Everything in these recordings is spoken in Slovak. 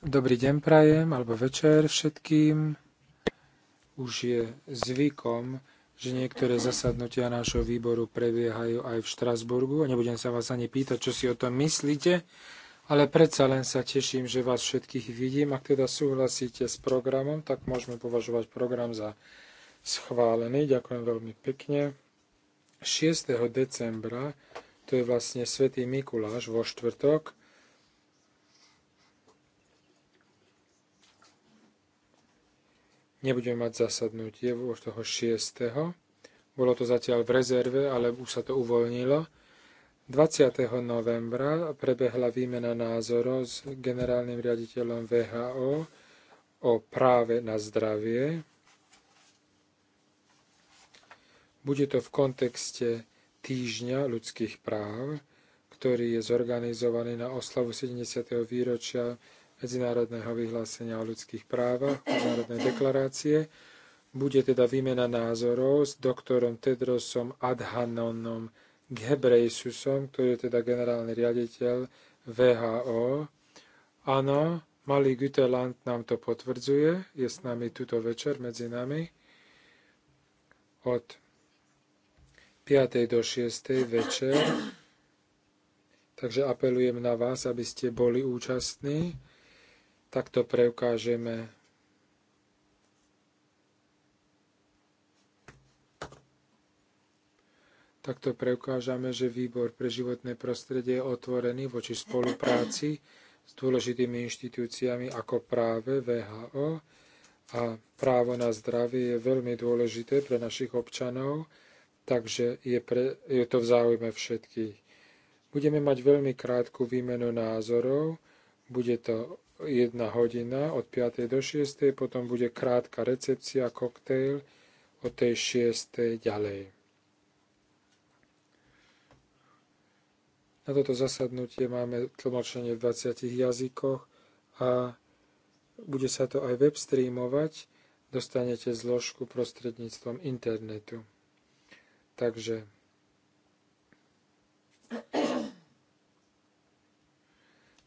Dobrý deň prajem, alebo večer všetkým. Už je zvykom, že niektoré zasadnutia nášho výboru prebiehajú aj v Štrasburgu. Nebudem sa vás ani pýtať, čo si o tom myslíte, ale predsa len sa teším, že vás všetkých vidím. Ak teda súhlasíte s programom, tak môžeme považovať program za schválený. Ďakujem veľmi pekne. 6. decembra to je vlastne svätý Mikuláš vo štvrtok. Nebudeme mať zasadnutie toho 6. Bolo to zatiaľ v rezerve, ale už sa to uvoľnilo. 20. novembra prebehla výmena názorov s generálnym riaditeľom VHO o práve na zdravie. Bude to v kontexte týždňa ľudských práv, ktorý je zorganizovaný na oslavu 70. výročia Medzinárodného vyhlásenia o ľudských právach, Medzinárodnej deklarácie. Bude teda výmena názorov s doktorom Tedrosom Adhanonom Ghebreisusom, ktorý je teda generálny riaditeľ VHO. Áno, malý Güterland nám to potvrdzuje, je s nami tuto večer medzi nami od 5. do 6. večer. Takže apelujem na vás, aby ste boli účastní. Takto preukážeme Takto preukážame, že výbor pre životné prostredie je otvorený voči spolupráci s dôležitými inštitúciami ako práve VHO a právo na zdravie je veľmi dôležité pre našich občanov takže je, pre, je to v záujme všetkých. Budeme mať veľmi krátku výmenu názorov, bude to jedna hodina od 5. do 6. potom bude krátka recepcia, koktejl od tej 6. ďalej. Na toto zasadnutie máme tlmočenie v 20 jazykoch a bude sa to aj webstreamovať. Dostanete zložku prostredníctvom internetu. Takže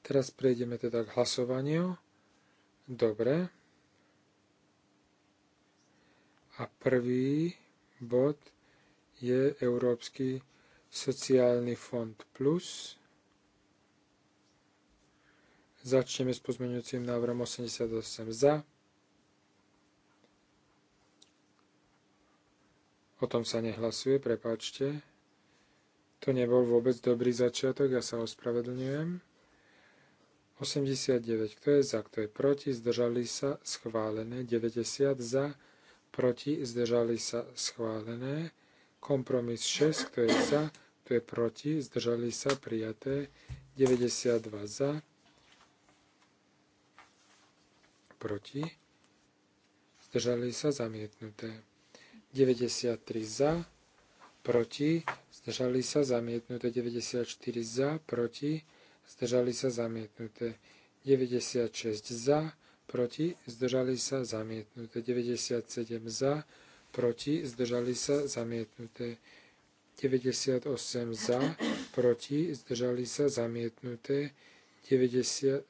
teraz prejdeme teda k hlasovaniu. Dobre. A prvý bod je Európsky sociálny fond plus. Začneme s pozmeňujúcim návrhom 88 za O tom sa nehlasuje, prepáčte. To nebol vôbec dobrý začiatok, ja sa ospravedlňujem. 89, kto je za, kto je proti, zdržali sa, schválené. 90 za, proti, zdržali sa, schválené. Kompromis 6, kto je za, kto je proti, zdržali sa, prijaté. 92 za, proti, zdržali sa, zamietnuté. 93 za, proti, zdržali sa zamietnuté 94 za, proti, zdržali sa zamietnuté 96 za, proti, zdržali sa zamietnuté 97 za, proti, zdržali sa zamietnuté 98 za, proti, zdržali sa zamietnuté 90,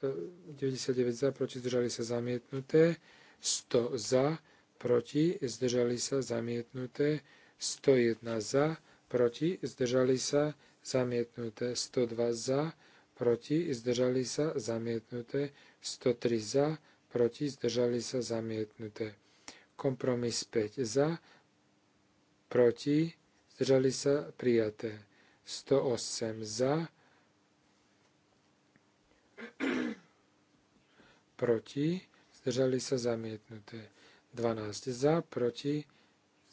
99 eh, za, proti, zdržali sa zamietnuté 100 za, proti, zdržali sa zamietnuté, 101 za, proti, zdržali sa zamietnuté, 102 za, proti, zdržali sa zamietnuté, 103 za, proti, zdržali sa zamietnuté. Kompromis 5 za, proti, zdržali sa prijaté. 108 za, proti, zdržali sa zamietnuté. 12 za, proti,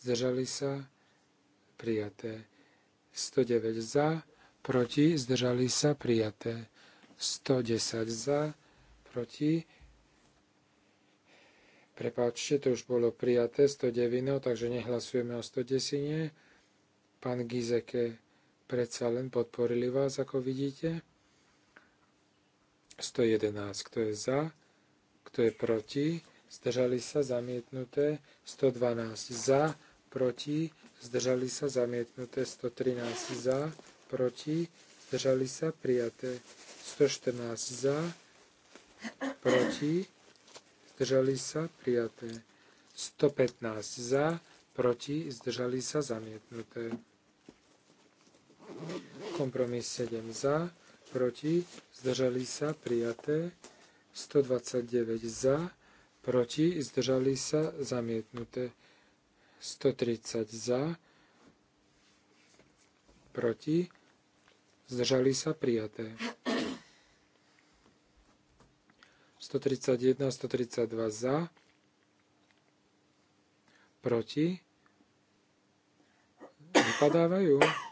zdržali sa, prijaté. 109 za, proti, zdržali sa, prijaté. 110 za, proti, prepáčte, to už bolo prijaté, 109, no, takže nehlasujeme o 110. Pán Gizeke predsa len podporili vás, ako vidíte. 111, kto je za, kto je proti, zdržali sa zamietnuté 112 za, proti, zdržali sa zamietnuté 113 za, proti, zdržali sa prijaté 114 za, proti, zdržali sa prijaté 115 za, proti, zdržali sa zamietnuté. Kompromis 7 za, proti, zdržali sa prijaté 129 za, proti, zdržali sa, zamietnuté. 130 za, proti, zdržali sa, prijaté. 131, 132 za, proti, vypadávajú.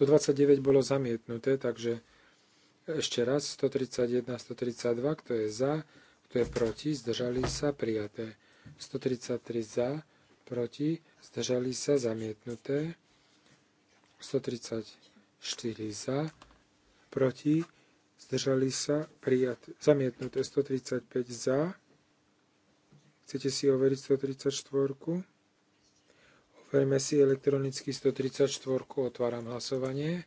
129 bolo zamietnuté, takže ešte raz 131, 132, kto je za, kto je proti, zdržali sa, prijaté. 133 za, proti, zdržali sa, zamietnuté. 134 za, proti, zdržali sa, prijaté. Zamietnuté 135 za. Chcete si overiť 134? Overme si elektronicky 134. Otváram hlasovanie.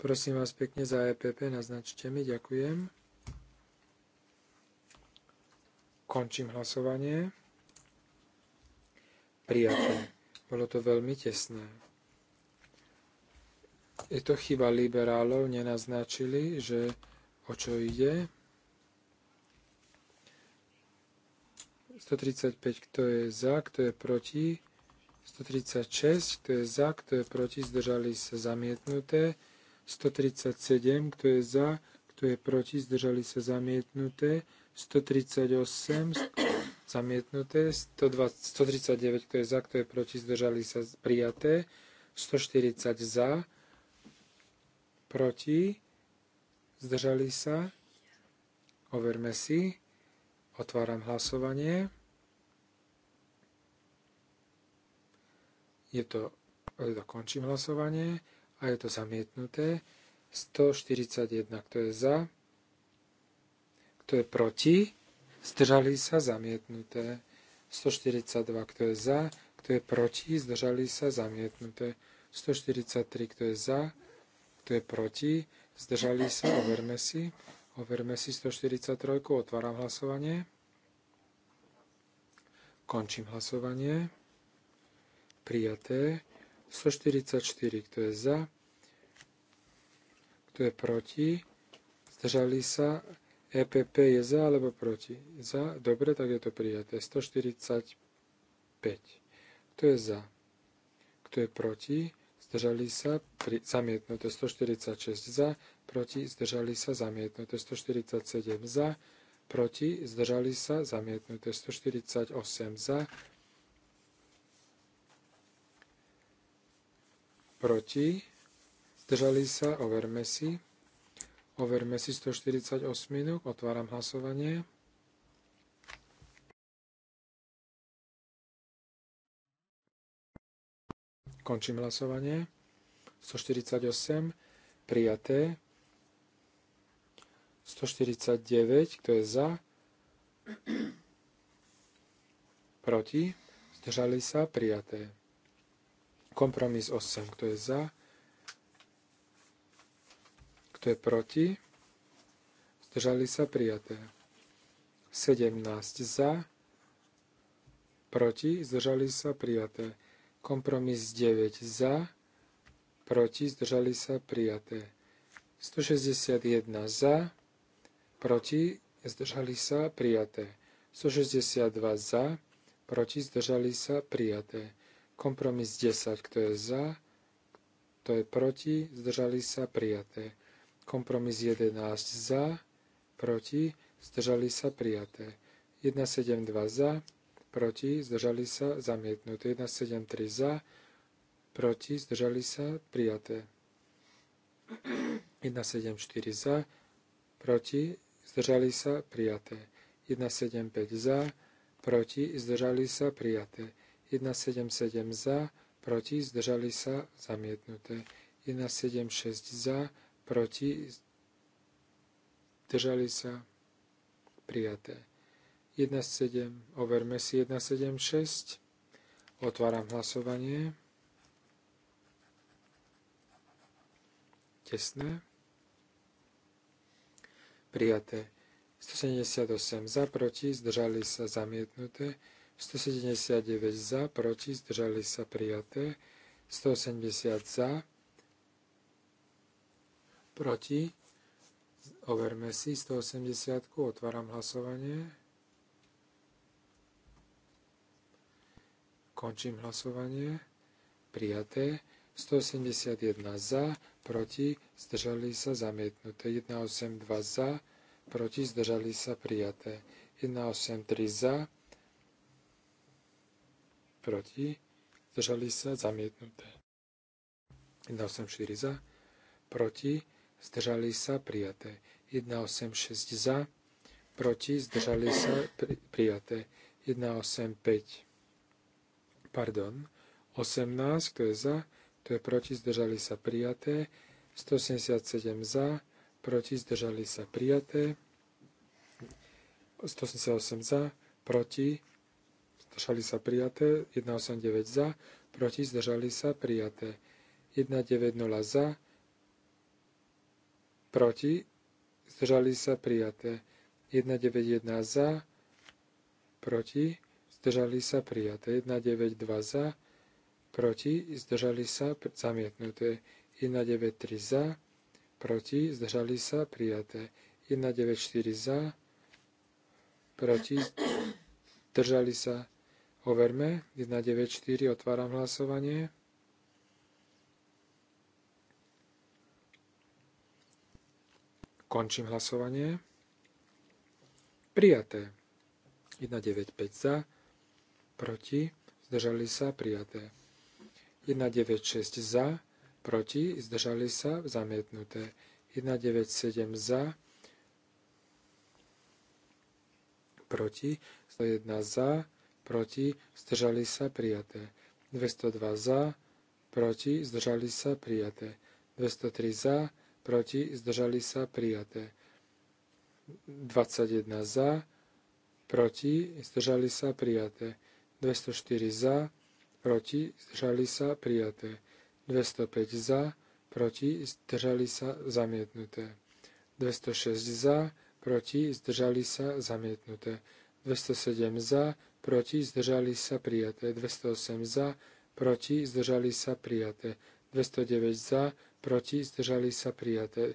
Prosím vás pekne za EPP, naznačte mi, ďakujem. Končím hlasovanie. Prijaté. Bolo to veľmi tesné. Je to chyba liberálov, nenaznačili, že o čo ide. 135, kto je za, kto je proti. 136, kto je za, kto je proti, zdržali sa zamietnuté. 137, kto je za, kto je proti, zdržali sa zamietnuté. 138, zamietnuté. 120, 139, kto je za, kto je proti, zdržali sa prijaté. 140 za, proti, zdržali sa. Overme si. Otváram hlasovanie. Je to, dokončím hlasovanie a je to zamietnuté. 141, kto je za, kto je proti, zdržali sa, zamietnuté. 142, kto je za, kto je proti, zdržali sa, zamietnuté. 143, kto je za, kto je proti, zdržali sa, overme si. Overme si 143. Otváram hlasovanie. Končím hlasovanie. Prijaté. 144. Kto je za? Kto je proti? Zdržali sa? EPP je za alebo proti? Za. Dobre, tak je to prijaté. 145. Kto je za? Kto je proti? Zdržali sa? Pri, zamietnuté. 146 za proti, zdržali sa, zamietnuté 147 za, proti, zdržali sa, zamietnuté 148 za, proti, zdržali sa, overme si, overme si 148 minút, otváram hlasovanie. Končím hlasovanie. 148 prijaté. 149, kto je za, proti, zdržali sa, prijaté. Kompromis 8, kto je za, kto je proti, zdržali sa, prijaté. 17 za, proti, zdržali sa, prijaté. Kompromis 9 za, proti, zdržali sa, prijaté. 161 za, proti, zdržali sa, prijaté. 162 za, proti, zdržali sa, prijaté. Kompromis 10, kto je za, kto je proti, zdržali sa, prijaté. Kompromis 11 za, proti, zdržali sa, prijaté. 172 za, proti, zdržali sa, zamietnuté. 173 za, proti, zdržali sa, prijaté. 174 za, proti, zdržali sa, prijaté. 175 za, proti, zdržali sa, prijaté. 177 za, proti, zdržali sa, zamietnuté. 176 za, proti, zdržali sa, prijaté. 1.7, overme si 1.7.6. Otváram hlasovanie. Tesné prijaté. 178 za, proti, zdržali sa zamietnuté. 179 za, proti, zdržali sa prijaté. 180 za, proti. Overme si 180, otváram hlasovanie. Končím hlasovanie. Prijaté. 181 za, proti, zdržali sa zamietnuté. 182 za, proti, zdržali sa prijaté. 183 za, proti, zdržali sa zamietnuté. 184 za, proti, zdržali sa prijaté. 186 za, proti, zdržali sa prijaté. 185, pardon, 18, kto je za, to je proti, zdržali sa prijaté. 177 za, proti, zdržali sa prijaté. 188 za, proti, zdržali sa prijaté. 189 za, proti, zdržali sa prijaté. 190 za, proti, zdržali sa prijaté. 191 za, proti, zdržali sa prijaté. 192 za, proti, proti, zdržali sa, zamietnuté. 193 za, proti, zdržali sa, prijaté. 194 za, proti, zdržali sa, overme. 194, otváram hlasovanie. Končím hlasovanie. Prijaté. 195 za, proti, zdržali sa, prijaté. 196 za, proti, zdržali sa, zamietnuté. 197 za, proti, 101 za, proti, zdržali sa, prijaté. 202 za, proti, zdržali sa, prijaté. 203 za, proti, zdržali sa, prijaté. 21 za, proti, zdržali sa, prijaté. 204 za, proti, zdržali sa, prijaté. 205 za, proti, zdržali sa, zamietnuté. 206 za, proti, zdržali sa, zamietnuté. 207 za, proti, zdržali sa, prijaté. 208 za, proti, zdržali sa, prijaté. 209 za, proti, zdržali sa, prijaté.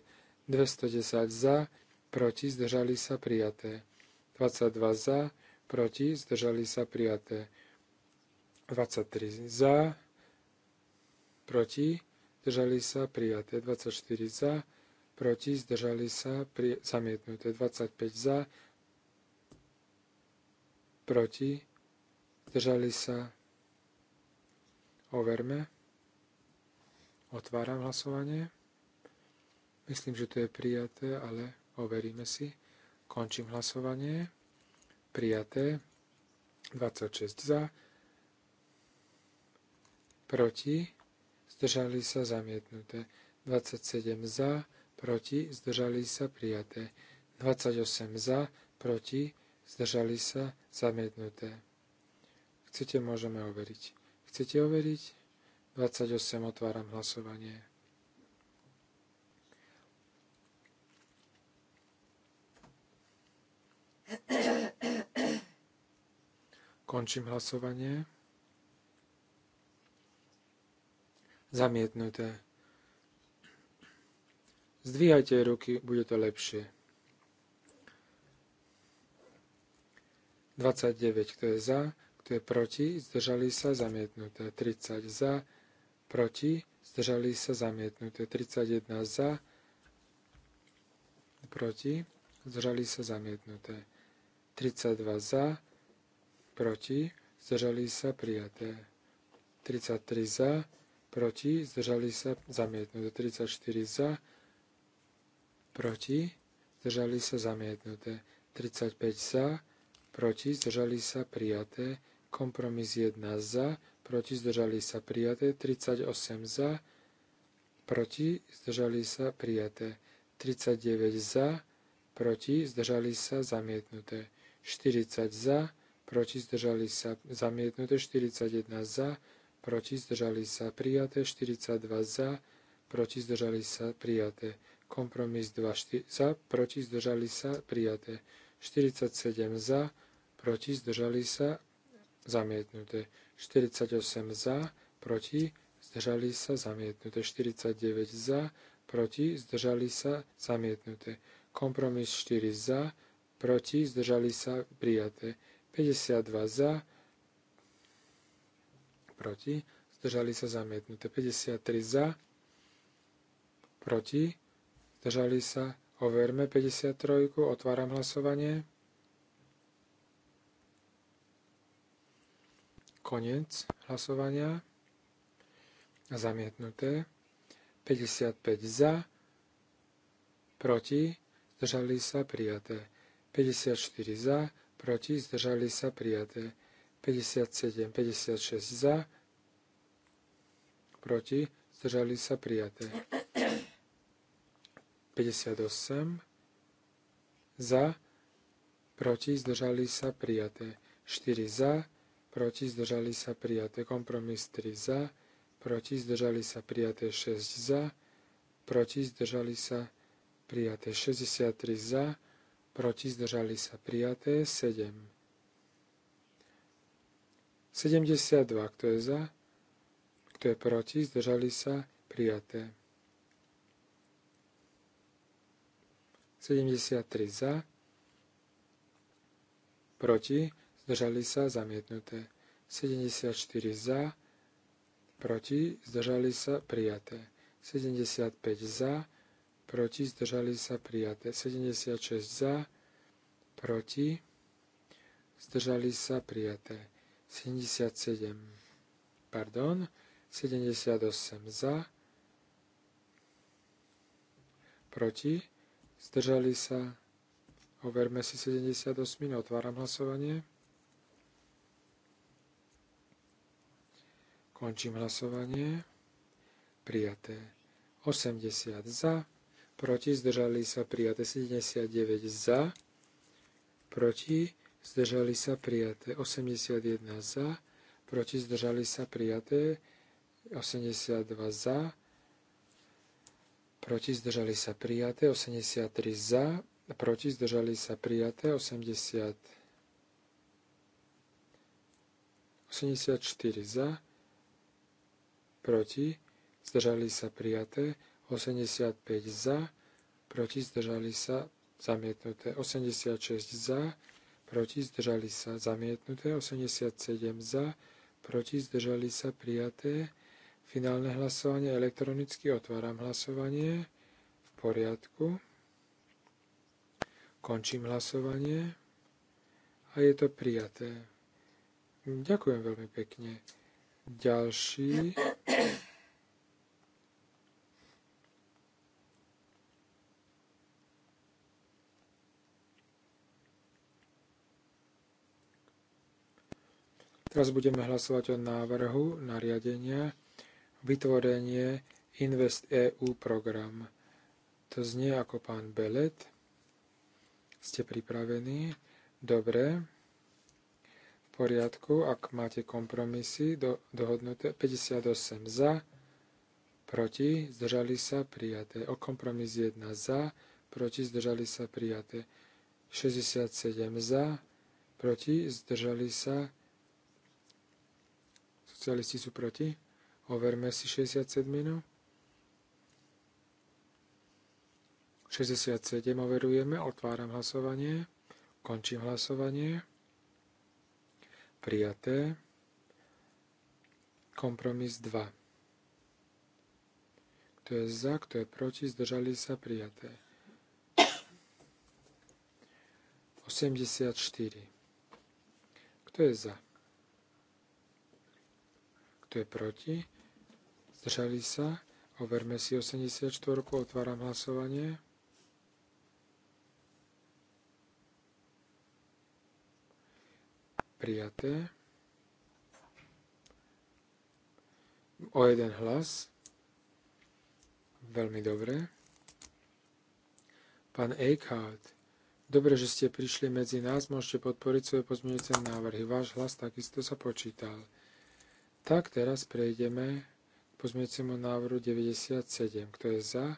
210 za, proti, zdržali sa, prijaté. 22 za, proti, zdržali sa, prijaté. 23 za, proti, zdržali sa, prijaté 24 za, proti, zdržali sa, pri, zamietnuté 25 za, proti, zdržali sa, overme, otváram hlasovanie, myslím, že to je prijaté, ale overíme si, končím hlasovanie, prijaté, 26 za, proti, zdržali sa zamietnuté. 27 za, proti, zdržali sa prijaté. 28 za, proti, zdržali sa zamietnuté. Chcete, môžeme overiť. Chcete overiť? 28 otváram hlasovanie. Končím hlasovanie. Zamietnuté. Zdvíhajte ruky, bude to lepšie. 29, kto je za, kto je proti, zdržali sa, zamietnuté. 30 za, proti, zdržali sa, zamietnuté. 31 za, proti, zdržali sa, zamietnuté. 32 za, proti, zdržali sa, prijaté. 33 za, proti, zdržali sa zamietnuté. 34 za, proti, zdržali sa zamietnuté. 35 za, proti, zdržali sa prijaté. Kompromis 1 za, proti, zdržali sa prijaté. 38 za, proti, zdržali sa prijaté. 39 za, proti, zdržali sa zamietnuté. 40 za, proti, zdržali sa zamietnuté. 41 za, proti zdržali sa prijaté, 42 za, proti zdržali sa prijaté, kompromis 2 za, proti zdržali sa prijaté, 47 za, proti zdržali sa zamietnuté, 48 za, proti zdržali sa zamietnuté, 49 za, proti zdržali sa zamietnuté, kompromis 4 za, proti zdržali sa prijaté, 52 za, proti zdržali sa proti, zdržali sa zamietnuté. 53 za, proti, zdržali sa, overme 53, otváram hlasovanie. Koniec hlasovania. Zamietnuté. 55 za, proti, zdržali sa, prijaté. 54 za, proti, zdržali sa, prijaté. 57, 56 za, proti, zdržali sa prijaté. 58 za, proti, zdržali sa prijaté. 4 za, proti, zdržali sa prijaté. Kompromis 3 za, proti, zdržali sa prijaté. 6 za, proti, zdržali sa prijaté. 63 za, proti, zdržali sa prijaté. 7 72, kto je za, kto je proti, zdržali sa, prijaté. 73 za, proti, zdržali sa, zamietnuté. 74 za, proti, zdržali sa, prijaté. 75 za, proti, zdržali sa, prijaté. 76 za, proti, zdržali sa, prijaté. 77, pardon, 78 za, proti, zdržali sa, overme si 78, otváram hlasovanie, končím hlasovanie, prijaté, 80 za, proti, zdržali sa, prijaté, 79 za, proti, zdržali sa prijaté. 81 za, proti zdržali sa prijaté. 82 za, proti zdržali sa prijaté. 83 za, proti zdržali sa prijaté. 80 84 za, proti, zdržali sa prijaté, 85 za, proti, zdržali sa zamietnuté, 86 za, proti, zdržali sa zamietnuté, 87 za, proti, zdržali sa prijaté. Finálne hlasovanie elektronicky otváram hlasovanie. V poriadku. Končím hlasovanie. A je to prijaté. Ďakujem veľmi pekne. Ďalší Teraz budeme hlasovať o návrhu nariadenia vytvorenie Invest EU program. To znie ako pán Belet. Ste pripravení? Dobre. V poriadku, ak máte kompromisy, do, dohodnuté 58 za, proti, zdržali sa, prijaté. O kompromis 1 za, proti, zdržali sa, prijaté. 67 za, proti, zdržali sa, prijaté. Socialisti sú proti. Overme si 67. 67 no. overujeme. Otváram hlasovanie. Končím hlasovanie. Prijaté. Kompromis 2. Kto je za, kto je proti, zdržali sa prijaté. 84. Kto je za? Kto je proti? Zdržali sa? Overme si 84. Otváram hlasovanie. Prijaté. O jeden hlas. Veľmi dobre. Pán Eichhardt, dobre, že ste prišli medzi nás, môžete podporiť svoje pozmeňujúce návrhy. Váš hlas takisto sa počítal. Tak teraz prejdeme k pozmeňujúcemu návrhu 97. Kto je za?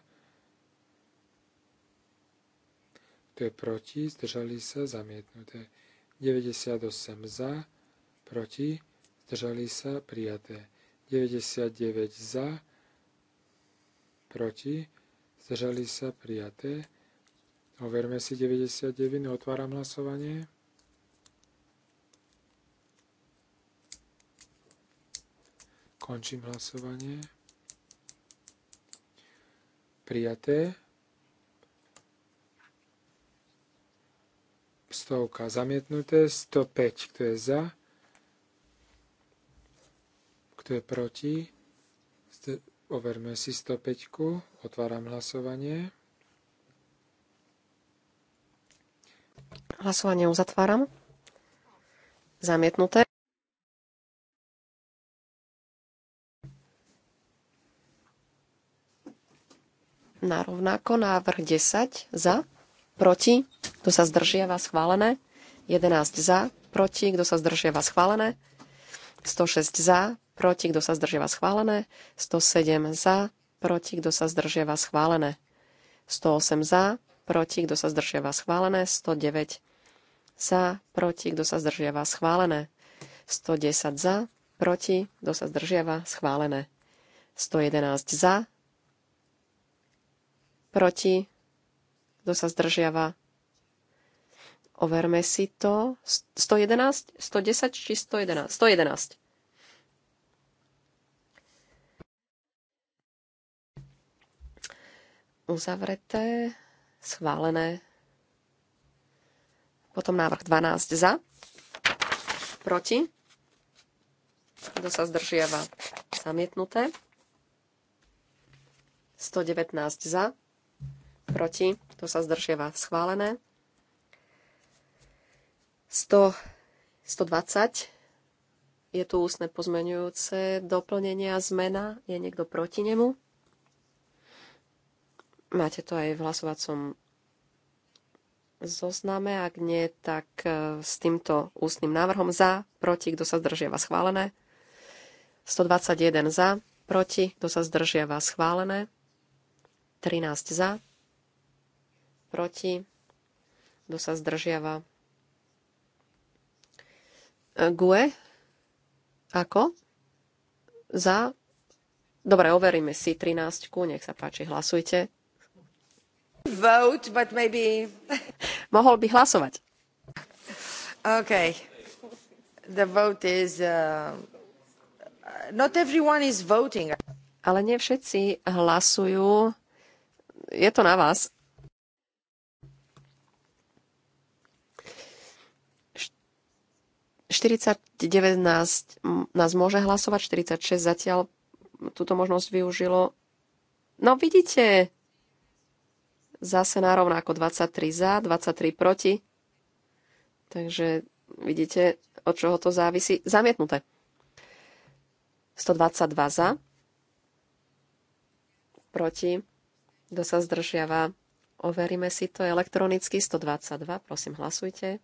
Kto je proti? Zdržali sa? Zamietnuté. 98 za, proti, zdržali sa, prijaté. 99 za, proti, zdržali sa, prijaté. Overme si 99, otváram hlasovanie. Končím hlasovanie. Prijaté. Stovka zamietnuté. 105, kto je za. Kto je proti. Overme si 105. Otváram hlasovanie. Hlasovanie uzatváram. Zamietnuté. na rovnako návrh 10 za, proti, kto sa zdržiava schválené, 11 za, proti, kto sa zdržiava schválené, 106 za, proti, kto sa zdržiava schválené, 107 za, proti, kto sa zdržiava schválené, 108 za, proti, kto sa zdržiava schválené, 109 za, proti, kto sa zdržiava schválené, 110 za, proti, kto sa zdržiava schválené, 111 za, proti, kto sa zdržiava. Overme si to. 111, 110 či 111? 111. Uzavreté, schválené. Potom návrh 12 za, proti, kto sa zdržiava, zamietnuté. 119 za, proti, to sa zdržieva schválené. 100, 120 je tu ústne pozmenujúce doplnenie a zmena. Je niekto proti nemu? Máte to aj v hlasovacom zozname. Ak nie, tak e, s týmto ústnym návrhom za, proti, kto sa zdržiava schválené. 121 za, proti, kto sa zdržiava schválené. 13 za, proti, kto sa zdržiava. E, GUE, ako? Za. Dobre, overíme si 13, nech sa páči, hlasujte. Vote, but maybe... Mohol by hlasovať. OK. The vote is... Uh... Not everyone is voting. Ale nie všetci hlasujú. Je to na vás. 49 nás, nás môže hlasovať, 46 zatiaľ túto možnosť využilo. No vidíte, zase nárovna ako 23 za, 23 proti. Takže vidíte, od čoho to závisí. Zamietnuté. 122 za, proti, kto sa zdržiava. Overíme si to elektronicky. 122, prosím, hlasujte.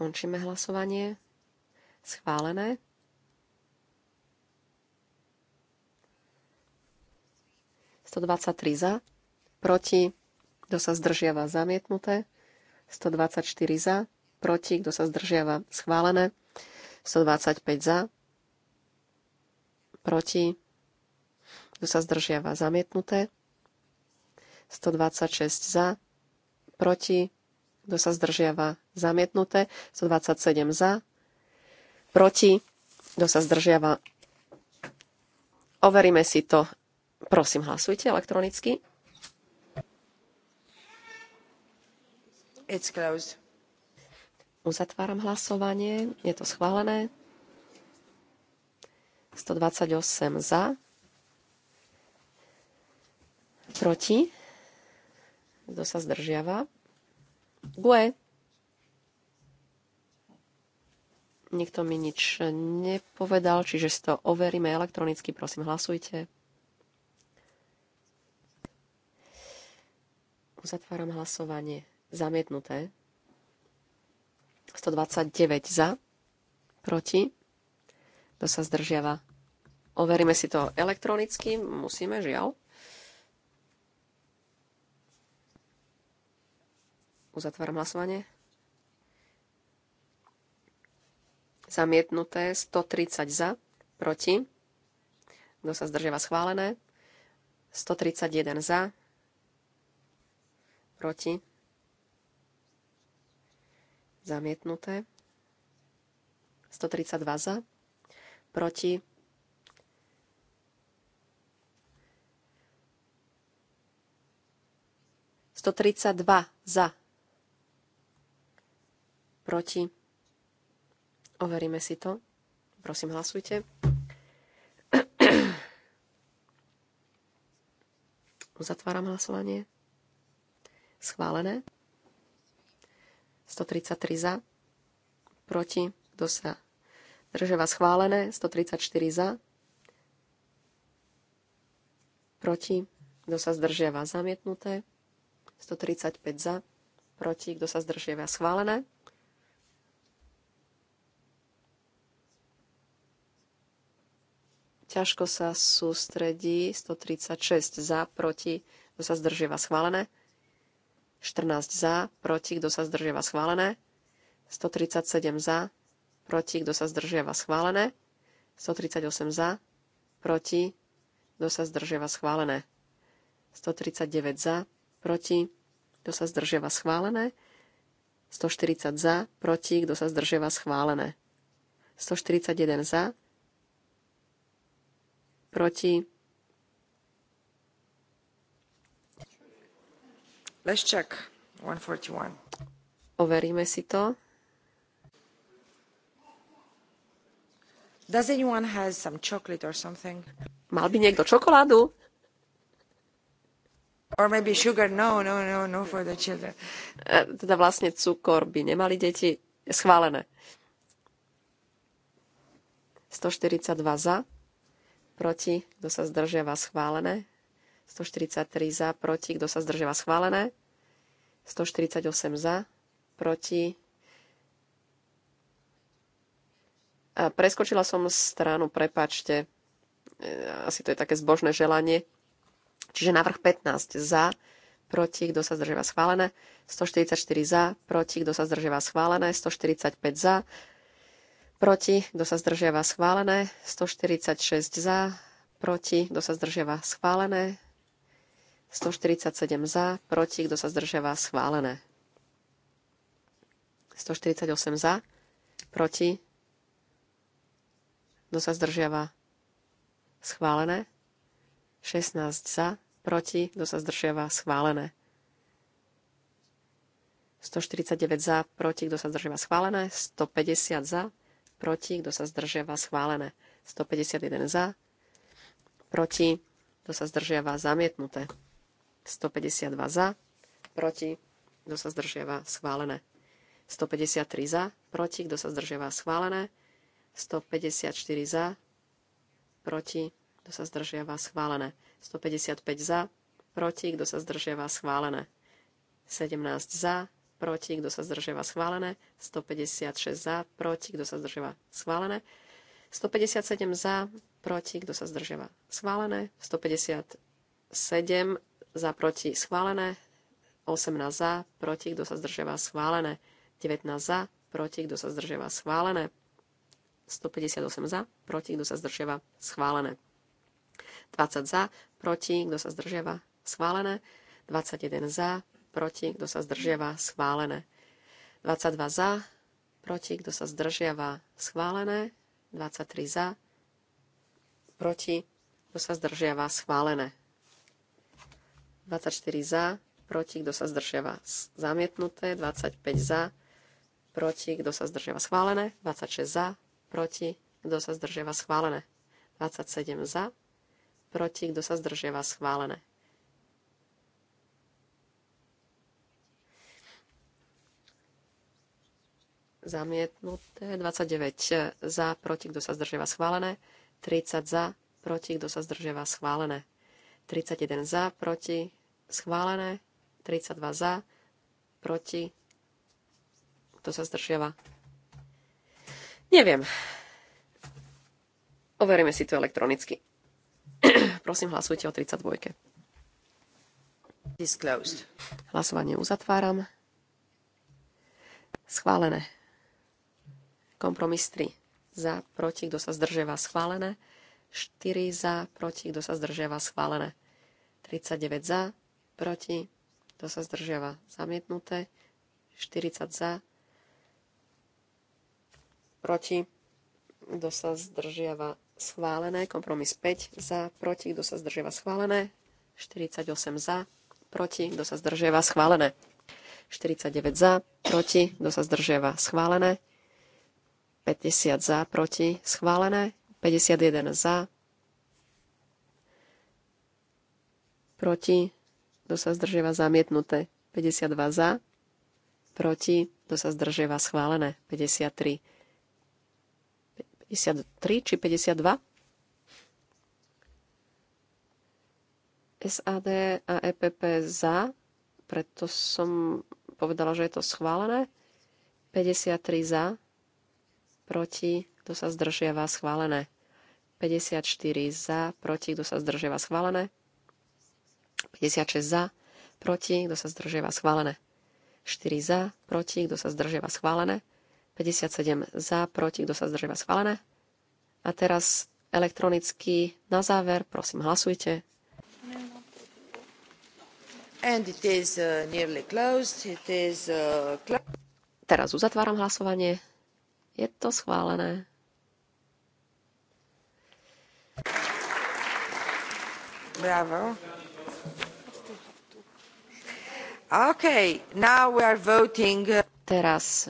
Končíme hlasovanie. Schválené. 123 za. Proti. Kto sa zdržiava? Zamietnuté. 124 za. Proti. Kto sa zdržiava? Schválené. 125 za. Proti. Kto sa zdržiava? Zamietnuté. 126 za. Proti kto sa zdržiava? Zamietnuté. 127 za. Proti. Kto sa zdržiava? Overíme si to. Prosím, hlasujte elektronicky. It's closed. Uzatváram hlasovanie. Je to schválené. 128 za. Proti. Kto sa zdržiava? Gue. Nikto mi nič nepovedal, čiže si to overíme elektronicky. Prosím, hlasujte. Uzatváram hlasovanie. Zamietnuté. 129 za, proti. Kto sa zdržiava? Overíme si to elektronicky. Musíme, žiaľ. Uzatváram hlasovanie. Zamietnuté 130 za, proti. Kto sa zdržiava schválené? 131 za, proti. Zamietnuté. 132 za, proti. Sto dva za proti. Overíme si to. Prosím, hlasujte. Uzatváram hlasovanie. Schválené. 133 za. Proti. Kto sa drževa schválené? 134 za. Proti. Kto sa zdržiava zamietnuté? 135 za. Proti. Kto sa zdržiava schválené? ťažko sa sústredí, 136 za, proti, kto sa zdržieva schválené, 14 za, proti, kto sa zdržieva schválené, 137 za, proti, kto sa zdržieva schválené, 138 za, proti, kto sa zdržiava schválené, 139 za, proti, kto sa zdržieva schválené, 140 za, proti, kto sa zdržieva schválené. 141 za, proti. Let's check 141. Overíme si to. Does anyone has some chocolate or something? Mal by niekto čokoládu? Or maybe sugar? No, no, no, no for the children. E, teda vlastne cukor by nemali deti. Schválené. 142 za proti, kto sa zdržiava schválené. 143 za, proti, kto sa zdržiava schválené. 148 za, proti. A preskočila som stranu, prepačte. E, asi to je také zbožné želanie. Čiže návrh 15 za, proti, kto sa zdržiava schválené, 144 za, proti, kto sa zdržiava schválené, 145 za, proti, kto sa zdržiava schválené, 146 za, proti, kto sa zdržiava schválené, 147 za, proti, kto sa zdržiava schválené. 148 za, proti, kto sa zdržiava schválené, 16 za, proti, kto sa zdržiava schválené. 149 za, proti, kto sa zdržiava schválené, 150 za, proti, kto sa zdržiava, schválené. 151 za, proti, kto sa zdržiava, zamietnuté. 152 za, proti, kto sa zdržiava, schválené. 153 za, proti, kto sa zdržiava, schválené. 154 za, proti, kto sa zdržiava, schválené. 155 za, proti, kto sa zdržiava, schválené. 17 za, proti, kto sa zdržiava schválené, 156 za, proti, kto sa zdržiava schválené, 157 za, proti, kto sa zdržiava schválené, 157 za, proti, schválené, 18 za, proti, kto sa zdržiava schválené, 19 za, proti, kto sa zdržiava schválené, 158 za, proti, kto sa zdržiava schválené, 20 za, proti, kto sa zdržiava schválené, 21 za, proti, kto sa zdržiava, schválené. 22 za, proti, kto sa zdržiava, schválené. 23 za, proti, kto sa zdržiava, schválené. 24 za, proti, kto sa zdržiava, zamietnuté. 25 za, proti, kto sa zdržiava, schválené. 26 za, proti, kto sa zdržiava, schválené. 27 za, proti, kto sa zdržiava, schválené. zamietnuté, 29 eh, za, proti, kto sa zdržiava schválené, 30 za, proti, kto sa zdržiava schválené, 31 za, proti, schválené, 32 za, proti, kto sa zdržiava. Neviem. Overíme si to elektronicky. Prosím, hlasujte o 32. Disclosed. Hlasovanie uzatváram. Schválené. Kompromis 3 za, proti, kto sa zdržiava schválené. 4 za, proti, kto sa zdržiava schválené. 39 za, proti, kto sa zdržiava zamietnuté. 40 za, proti, kto sa zdržiava schválené. Kompromis 5 za, proti, kto sa zdržiava schválené. 48 za, proti, kto sa zdržiava schválené. 49 za, proti, kto sa zdržiava schválené. 50 za, proti, schválené. 51 za, proti, kto sa zdržieva zamietnuté, 52 za, proti, kto sa zdržiava schválené, 53. 53 či 52? SAD a EPP za, preto som povedala, že je to schválené. 53 za, proti, kto sa zdržiava, schválené. 54 za, proti, kto sa zdržiava, schválené. 56 za, proti, kto sa zdržiava, schválené. 4 za, proti, kto sa zdržiava, schválené. 57 za, proti, kto sa zdržiava, schválené. A teraz elektronicky na záver, prosím, hlasujte. And it is, uh, nearly closed. It is, uh, Teraz uzatváram hlasovanie. Je to schválené. Bravo. Okay, now we are voting. Uh, Teraz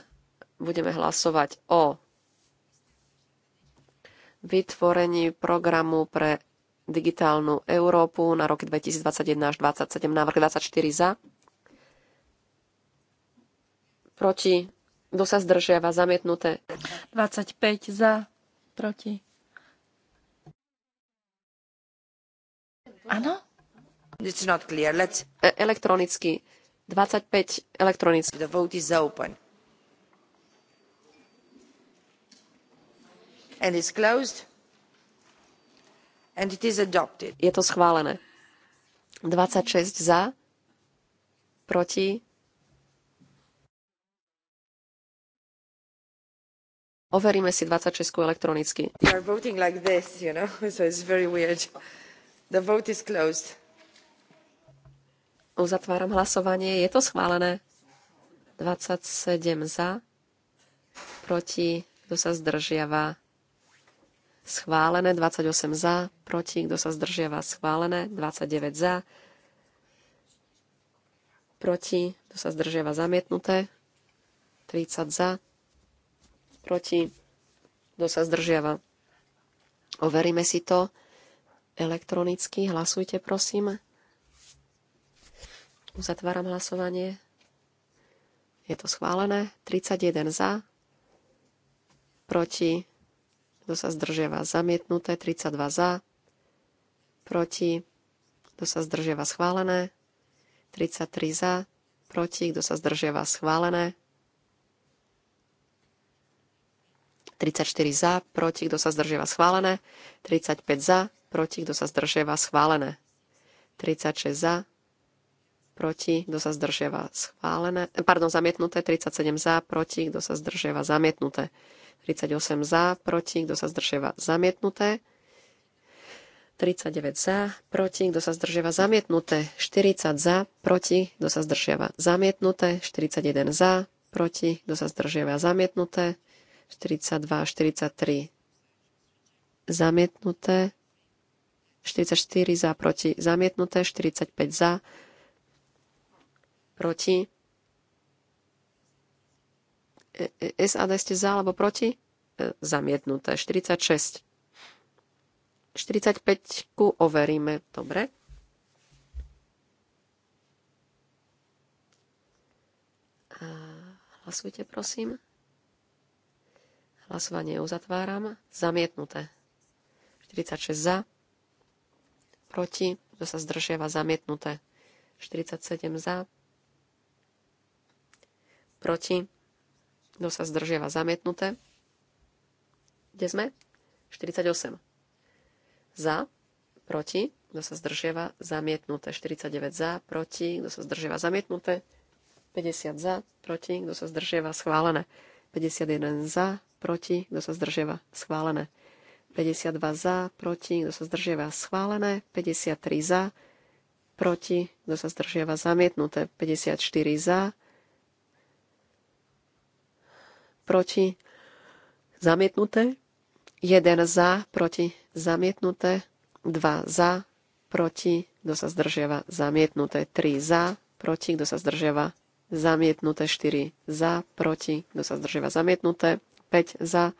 budeme hlasovať o vytvorení programu pre digitálnu Európu na roky 2021 až 2027, návrh 24 za, proti kto sa zdržiava? Zamietnuté. 25 za, proti. Áno? It's not clear. Let's... E, elektronicky. 25 elektronicky. The vote is open. And it's closed. And it is adopted. Je to schválené. 26 za, proti, Overíme si 26 elektronicky. Uzatváram hlasovanie. Je to schválené. 27 za, proti, kto sa zdržiava, schválené, 28 za, proti, kto sa zdržiava, schválené, 29 za, proti, kto sa zdržiava, zamietnuté, 30 za, proti, kto sa zdržiava. Overíme si to elektronicky. Hlasujte, prosím. Uzatváram hlasovanie. Je to schválené. 31 za, proti, kto sa zdržiava zamietnuté, 32 za, proti, kto sa zdržiava schválené, 33 za, proti, kto sa zdržiava schválené, 34 za, proti, kto sa zdržieva schválené. 35 za, proti, kto sa zdržieva schválené. 36 za, proti, kto sa zdržieva schválené. Eh, pardon, zamietnuté. 37 za, proti, kto sa zdržieva zamietnuté. 38 za, proti, kto sa zdržieva zamietnuté. 39 za, proti, kto sa zdržieva zamietnuté, 40 za, proti, kto sa zdržieva zamietnuté, 41 za, proti, kto sa zdržieva zamietnuté, 42 a 43 zamietnuté, 44 za proti zamietnuté, 45 za proti. E, e, SAD ste za alebo proti? E, zamietnuté, 46. 45 ku overíme, dobre. Hlasujte, prosím. Hlasovanie uzatváram. Zamietnuté. 46 za. Proti. Kto sa zdržiava? Zamietnuté. 47 za. Proti. Kto sa zdržiava? Zamietnuté. Kde sme? 48. Za. Proti. Kto sa zdržiava? Zamietnuté. 49 za. Proti. Kto sa zdržiava? Zamietnuté. 50 za. Proti. Kto sa zdržiava? Schválené. 51 za proti, kto sa zdržiava, schválené. 52 za, proti, kto sa zdržiava, schválené. 53 za, proti, kto sa zdržiava, zamietnuté. 54 za, proti, zamietnuté. 1 za, proti, zamietnuté. 2 za, proti, kto sa zdržiava, zamietnuté. 3 za, proti, kto sa zdržiava, zamietnuté. 4 za, proti, kto sa zdržiava, zamietnuté. 5 za,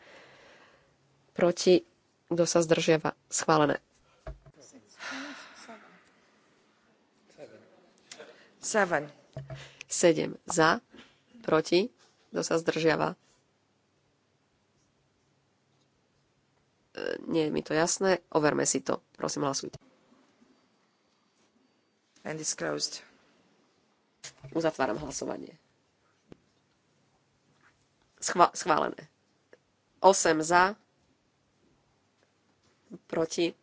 proti, kto sa zdržiava, schválené. 7. za, proti, kto sa zdržiava. E, nie je mi to jasné, overme si to. Prosím, hlasujte. And closed. Uzatváram hlasovanie. Schva- schválené. 8 za, proti,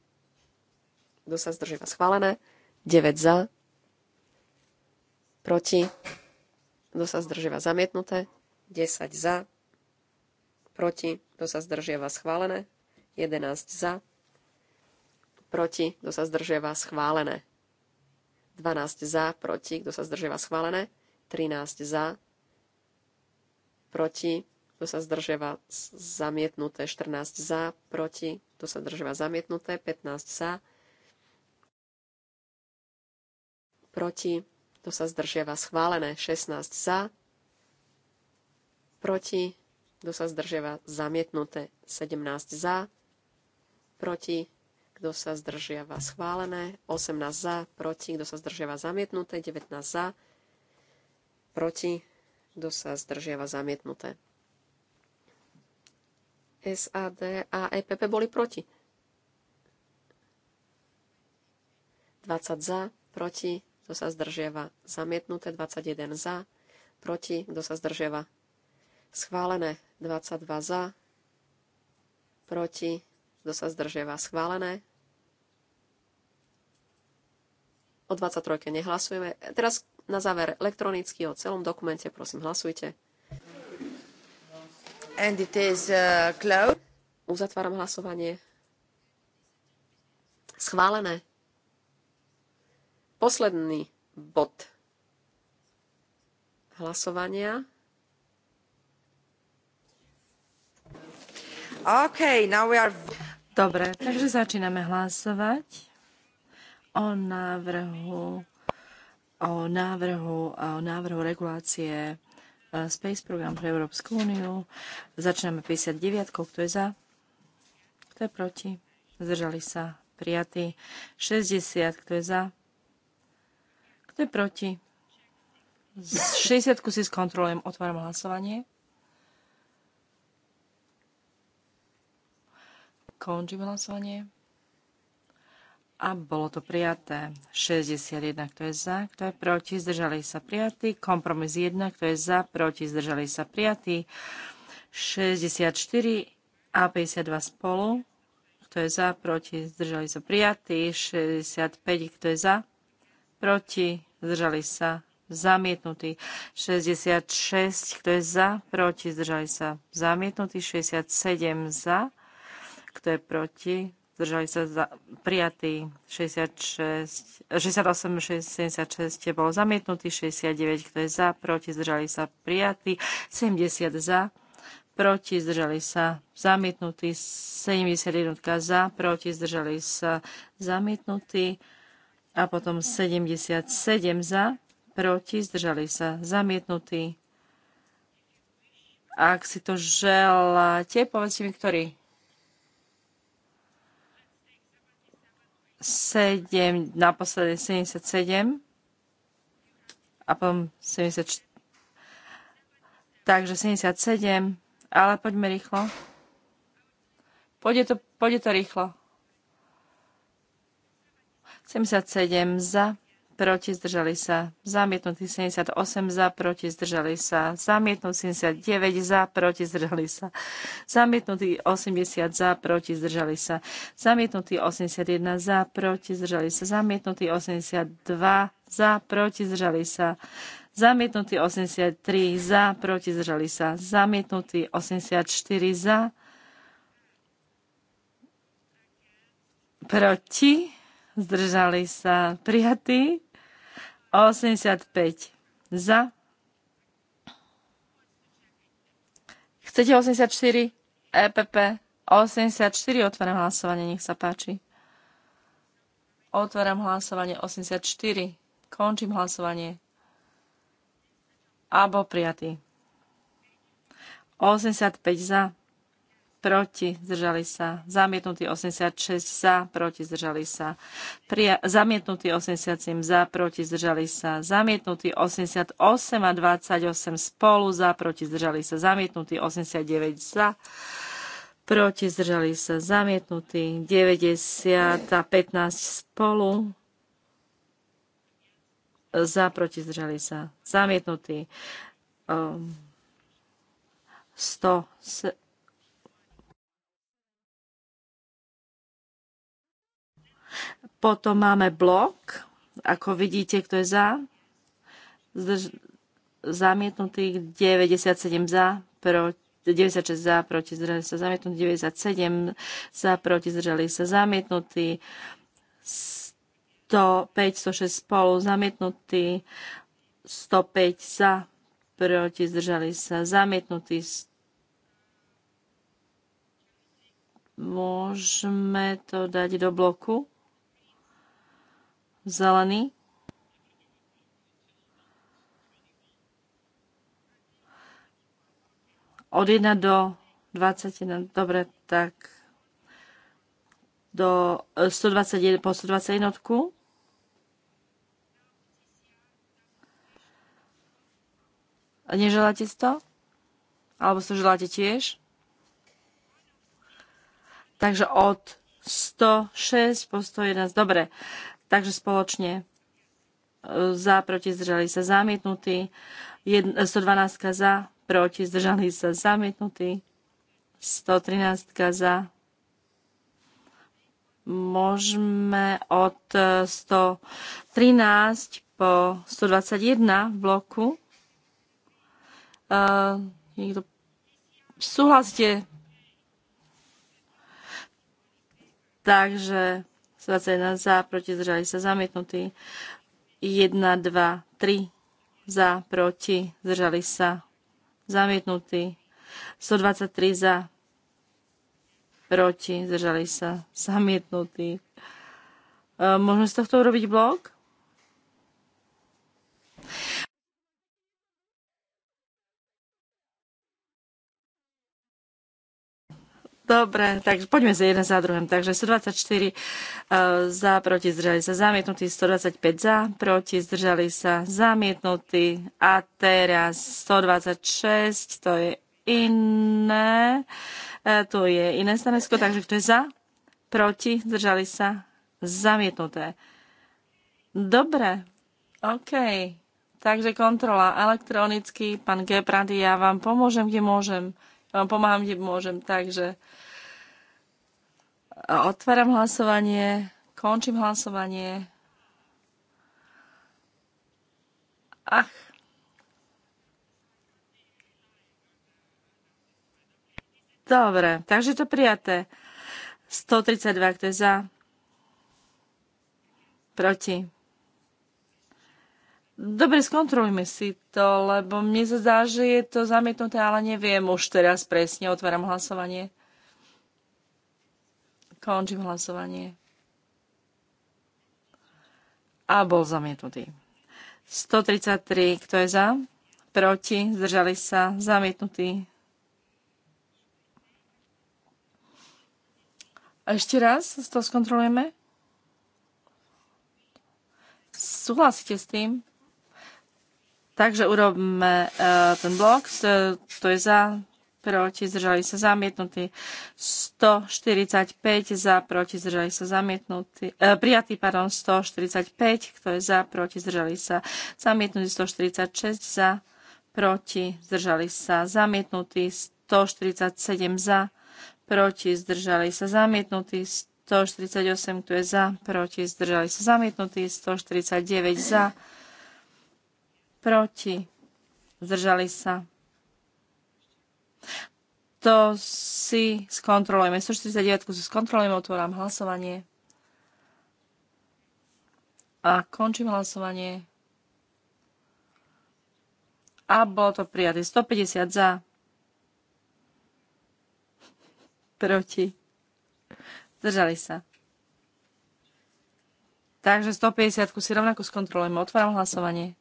kto sa zdržíva schválené, 9 za, proti, kto sa zdržíva zamietnuté, 10 za, proti, kto sa zdržiava schválené, 11 za, proti, kto sa zdržiava schválené, 12 za, proti, kto sa zdržiava schválené, 13 za, proti, kto sa zdržiava zamietnuté, 14 za, proti, kto sa zdržiava zamietnuté, 15 za, proti, kto sa zdržiava schválené, 16 za, proti, kto sa zdržiava zamietnuté, 17 za, proti, kto sa zdržiava schválené, 18 za, proti, kto sa zdržiava zamietnuté, 19 za, proti, kto sa zdržiava zamietnuté. SAD a EPP boli proti. 20 za, proti, kto sa zdržiava. Zamietnuté 21 za, proti, kto sa zdržiava. Schválené 22 za, proti, kto sa zdržiava. Schválené. O 23 nehlasujeme. Teraz na záver elektronicky o celom dokumente, prosím, hlasujte. And it is uh, Uzatváram hlasovanie. Schválené. Posledný bod hlasovania. Okay, now we are... Dobre, takže začíname hlasovať o návrhu o návrhu, o návrhu regulácie Eh, Space program pre Európsku úniu. Začíname 59. Kto je za? Kto je proti? Zdržali sa. Prijatý. 60. Kto je za? Kto je proti? 60 si skontrolujem. Otváram hlasovanie. Končím hlasovanie a bolo to prijaté. 61, kto je za, kto je proti, zdržali sa prijatí. Kompromis 1, kto je za, proti, zdržali sa prijatí. 64 a 52 spolu, kto je za, proti, zdržali sa prijatí. 65, kto je za, proti, zdržali sa zamietnutý. 66, kto je za, proti, zdržali sa zamietnutí. 67 za, kto je proti, zdržali sa za, prijatí, 66, 68, 76 bolo zamietnutý, 69, kto je za, proti, zdržali sa prijatí, 70 za, proti, zdržali sa zamietnutí, 71 za, proti, zdržali sa zamietnutí a potom 77 za, proti, zdržali sa zamietnutí. Ak si to želáte, povedzte mi, ktorý naposledy 77 a potom 74. Takže 77, ale poďme rýchlo. Pôjde to, pôjde to rýchlo. 77 za, proti, zdržali sa, zamietnutý 78 za, proti, zdržali sa, zamietnutý 79 za, proti, zdržali sa, zamietnutý 80 za, proti, zdržali sa, zamietnutý 81 za, proti, zdržali sa, zamietnutý 82 za, proti, zdržali sa, zamietnutý 83 za, proti, zdržali sa, zamietnutý 84 za, proti, zdržali sa prijatí. 85 za. Chcete 84? EPP. 84. Otváram hlasovanie, nech sa páči. Otváram hlasovanie 84. Končím hlasovanie. Abo prijatý. 85 za proti, zdržali sa. Zamietnutý 86 za, proti, zdržali sa. Pria- zamietnutý 87 za, proti, zdržali sa. Zamietnutý 88 a 28 spolu za, proti, zdržali sa. Zamietnutý 89 za, proti, zdržali sa. Zamietnutý 90 a 15 spolu za, proti, zdržali sa. Zamietnutý um, 100 Potom máme blok, ako vidíte, kto je za. Zdrž- zamietnutých 97 za, pro- 96 za, proti zdržali sa zamietnutí, 97 za, proti zdržali sa zamietnutí, 105, 106 spolu zamietnutí, 105 za, proti zdržali sa zamietnutí, môžeme to dať do bloku. Zelený. Od 1 do 21. Dobre, tak do 121, e, po 121. Neželáte si to? Alebo si to želáte tiež? Takže od 106 po 111. Dobre. Takže spoločne e, za, proti, zdržali sa zamietnutí. 112 e, za, proti, zdržali sa zamietnutí. 113 za, môžeme od 113 e, po 121 v bloku. Uh, niekto súhlasíte? Takže 21 za, proti zdržali sa zamietnutí. 1, 2, 3 za, proti zdržali sa zamietnutí. 123 za, proti zdržali sa zamietnutí. E, môžeme z tohto urobiť blok? Dobre, takže poďme za jeden za druhým. Takže 124 eh, za, proti, zdržali sa zamietnutí, 125 za, proti, zdržali sa zamietnutí. A teraz 126, to je iné, eh, tu je iné stanovisko, takže kto je za, proti, zdržali sa zamietnuté. Dobre, OK. Takže kontrola elektronicky, pán Gebrady, ja vám pomôžem, kde môžem. Vám pomáham, kde môžem, takže otváram hlasovanie, končím hlasovanie. Ach, Dobre, takže to prijaté. 132, kto je za? Proti. Dobre, skontrolujme si to, lebo mne sa zdá, že je to zamietnuté, ale neviem už teraz presne. Otváram hlasovanie. Končím hlasovanie. A bol zamietnutý. 133, kto je za? Proti, zdržali sa, zamietnutý. A ešte raz to skontrolujeme. Súhlasíte s tým? Takže urobme eh, ten blok, to je za, proti, zdržali sa zamietnutí. 145 za, proti, zdržali sa zamietnutí. E, eh, prijatý, pardon, 145, kto je za, proti, zdržali sa zamietnutí. 146 za, proti, zdržali sa zamietnutí. 147 za, proti, zdržali sa zamietnutí. 148, kto je za, proti, zdržali sa zamietnutí. 149 za, proti, zdržali sa. To si skontrolujeme. 149 si skontrolujeme, otvorám hlasovanie. A končím hlasovanie. A bolo to prijaté. 150 za. Proti. Zdržali sa. Takže 150 si rovnako skontrolujeme. Otváram hlasovanie.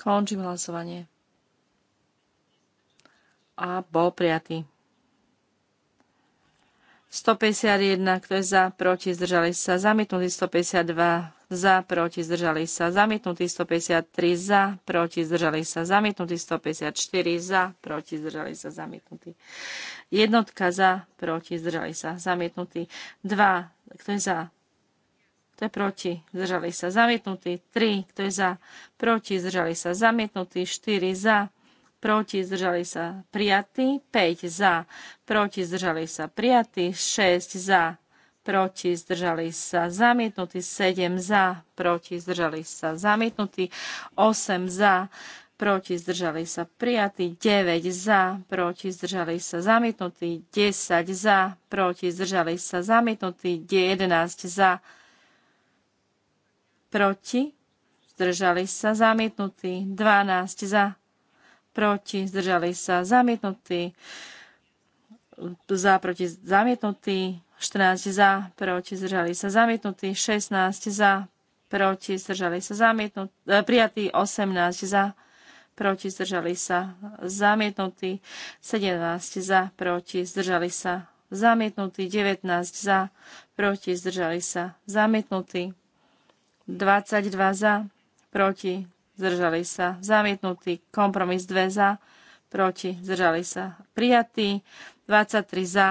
Končím hlasovanie. A bol prijatý. 151, kto je za, proti, zdržali sa, zamietnutý 152, za, proti, zdržali sa, zamietnutý 153, za, proti, zdržali sa, zamietnutý 154, za, proti, zdržali sa, zamietnutý. Jednotka za, proti, zdržali sa, zamietnutý. 2, kto je za, kto je proti, zdržali sa zamietnutí, 3, kto je za, proti, zdržali sa zamietnutí, 4 za, proti, zdržali sa prijatí, 5 za, proti, zdržali sa prijatí, 6 za, proti, zdržali sa zamietnutí, 7 za, proti, zdržali sa zamietnutí, 8 za, proti, zdržali sa prijatí, 9 za, proti, zdržali sa zamietnutí, 10 za, proti, zdržali sa zamietnutí, 11 za, proti, proti, zdržali sa zamietnutí, 12 za, proti, zdržali sa zamietnutí, za, proti, zamietnutí, 14 za, proti, zdržali sa zamietnutí, 16 za, proti, zdržali sa zamietnutí, e, prijatí 18 za, proti, zdržali sa zamietnutí, 17 za, proti, zdržali sa zamietnutí, 19 za, proti, zdržali sa zamietnutí. 22 za, proti, zdržali sa. Zamietnutý kompromis 2 za, proti, zdržali sa. Prijatý 23 za,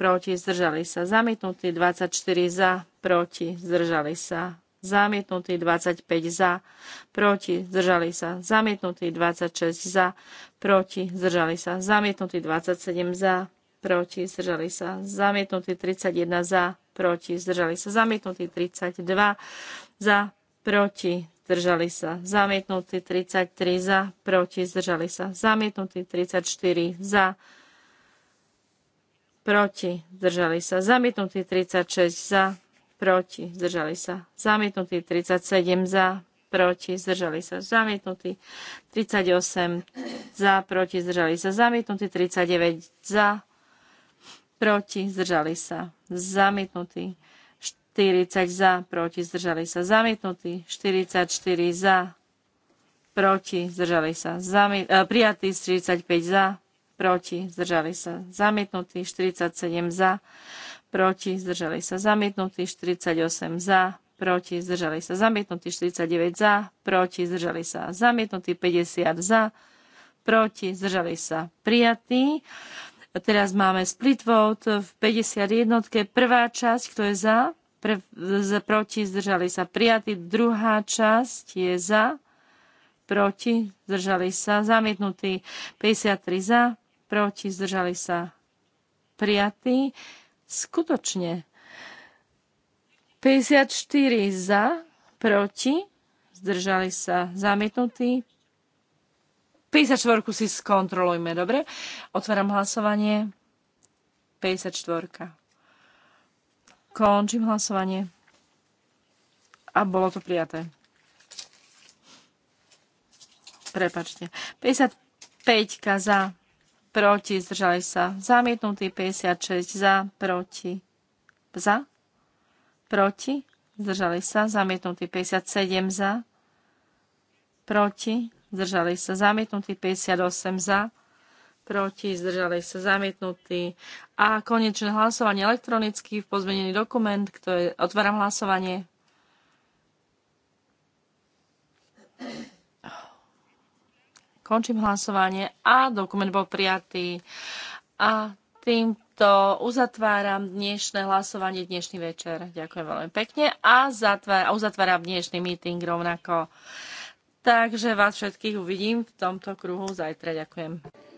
proti, zdržali sa. Zamietnutý 24 za, proti, zdržali sa. Zamietnutý 25 za, proti, zdržali sa. Zamietnutý 26 za, proti, zdržali sa. Zamietnutý 27 za, proti, zdržali sa. Zamietnutý 31 za, proti, zdržali sa. Zamietnutý 32 za, proti, zdržali sa. Zamietnutý 33 za, proti, zdržali sa. Zamietnutý 34 za, proti, zdržali sa. Zamietnutý 36 za, proti, zdržali sa. Zamietnutý 37 za, proti, zdržali sa, zamietnutí, 38 za, proti, zdržali sa, zamietnutí, 39 za, proti, zdržali sa, zamietnutí, 40 za, proti, zdržali sa zamietnutí, 44 za, proti, zdržali sa zamiet, eh, prijatí, 45 za, proti, zdržali sa zamietnutí, 47 za, proti, zdržali sa zamietnutí, 48 za, proti, zdržali sa zamietnutí, 49 za, proti, zdržali sa zamietnutí, 50 za, proti, zdržali sa prijatí. Teraz máme split vote v 51. Prvá časť, kto je za, pre, proti, zdržali sa prijatí. Druhá časť je za, proti, zdržali sa zamietnutí. 53 za, proti, zdržali sa prijatí. Skutočne. 54 za, proti, zdržali sa zamietnutí. 54 si skontrolujme, dobre? Otváram hlasovanie. 54. Končím hlasovanie. A bolo to prijaté. Prepačte. 55 za, proti, zdržali sa. Zamietnutý 56 za, proti. Za? Proti? Zdržali sa. Zamietnutý 57 za. Proti? Zdržali sa. Zamietnutý 58 za proti, zdržali sa zamietnutí. A konečné hlasovanie elektronicky v pozmenený dokument, ktoré otváram hlasovanie. Končím hlasovanie a dokument bol prijatý. A týmto uzatváram dnešné hlasovanie, dnešný večer. Ďakujem veľmi pekne a uzatváram dnešný meeting rovnako. Takže vás všetkých uvidím v tomto kruhu zajtra. Ďakujem.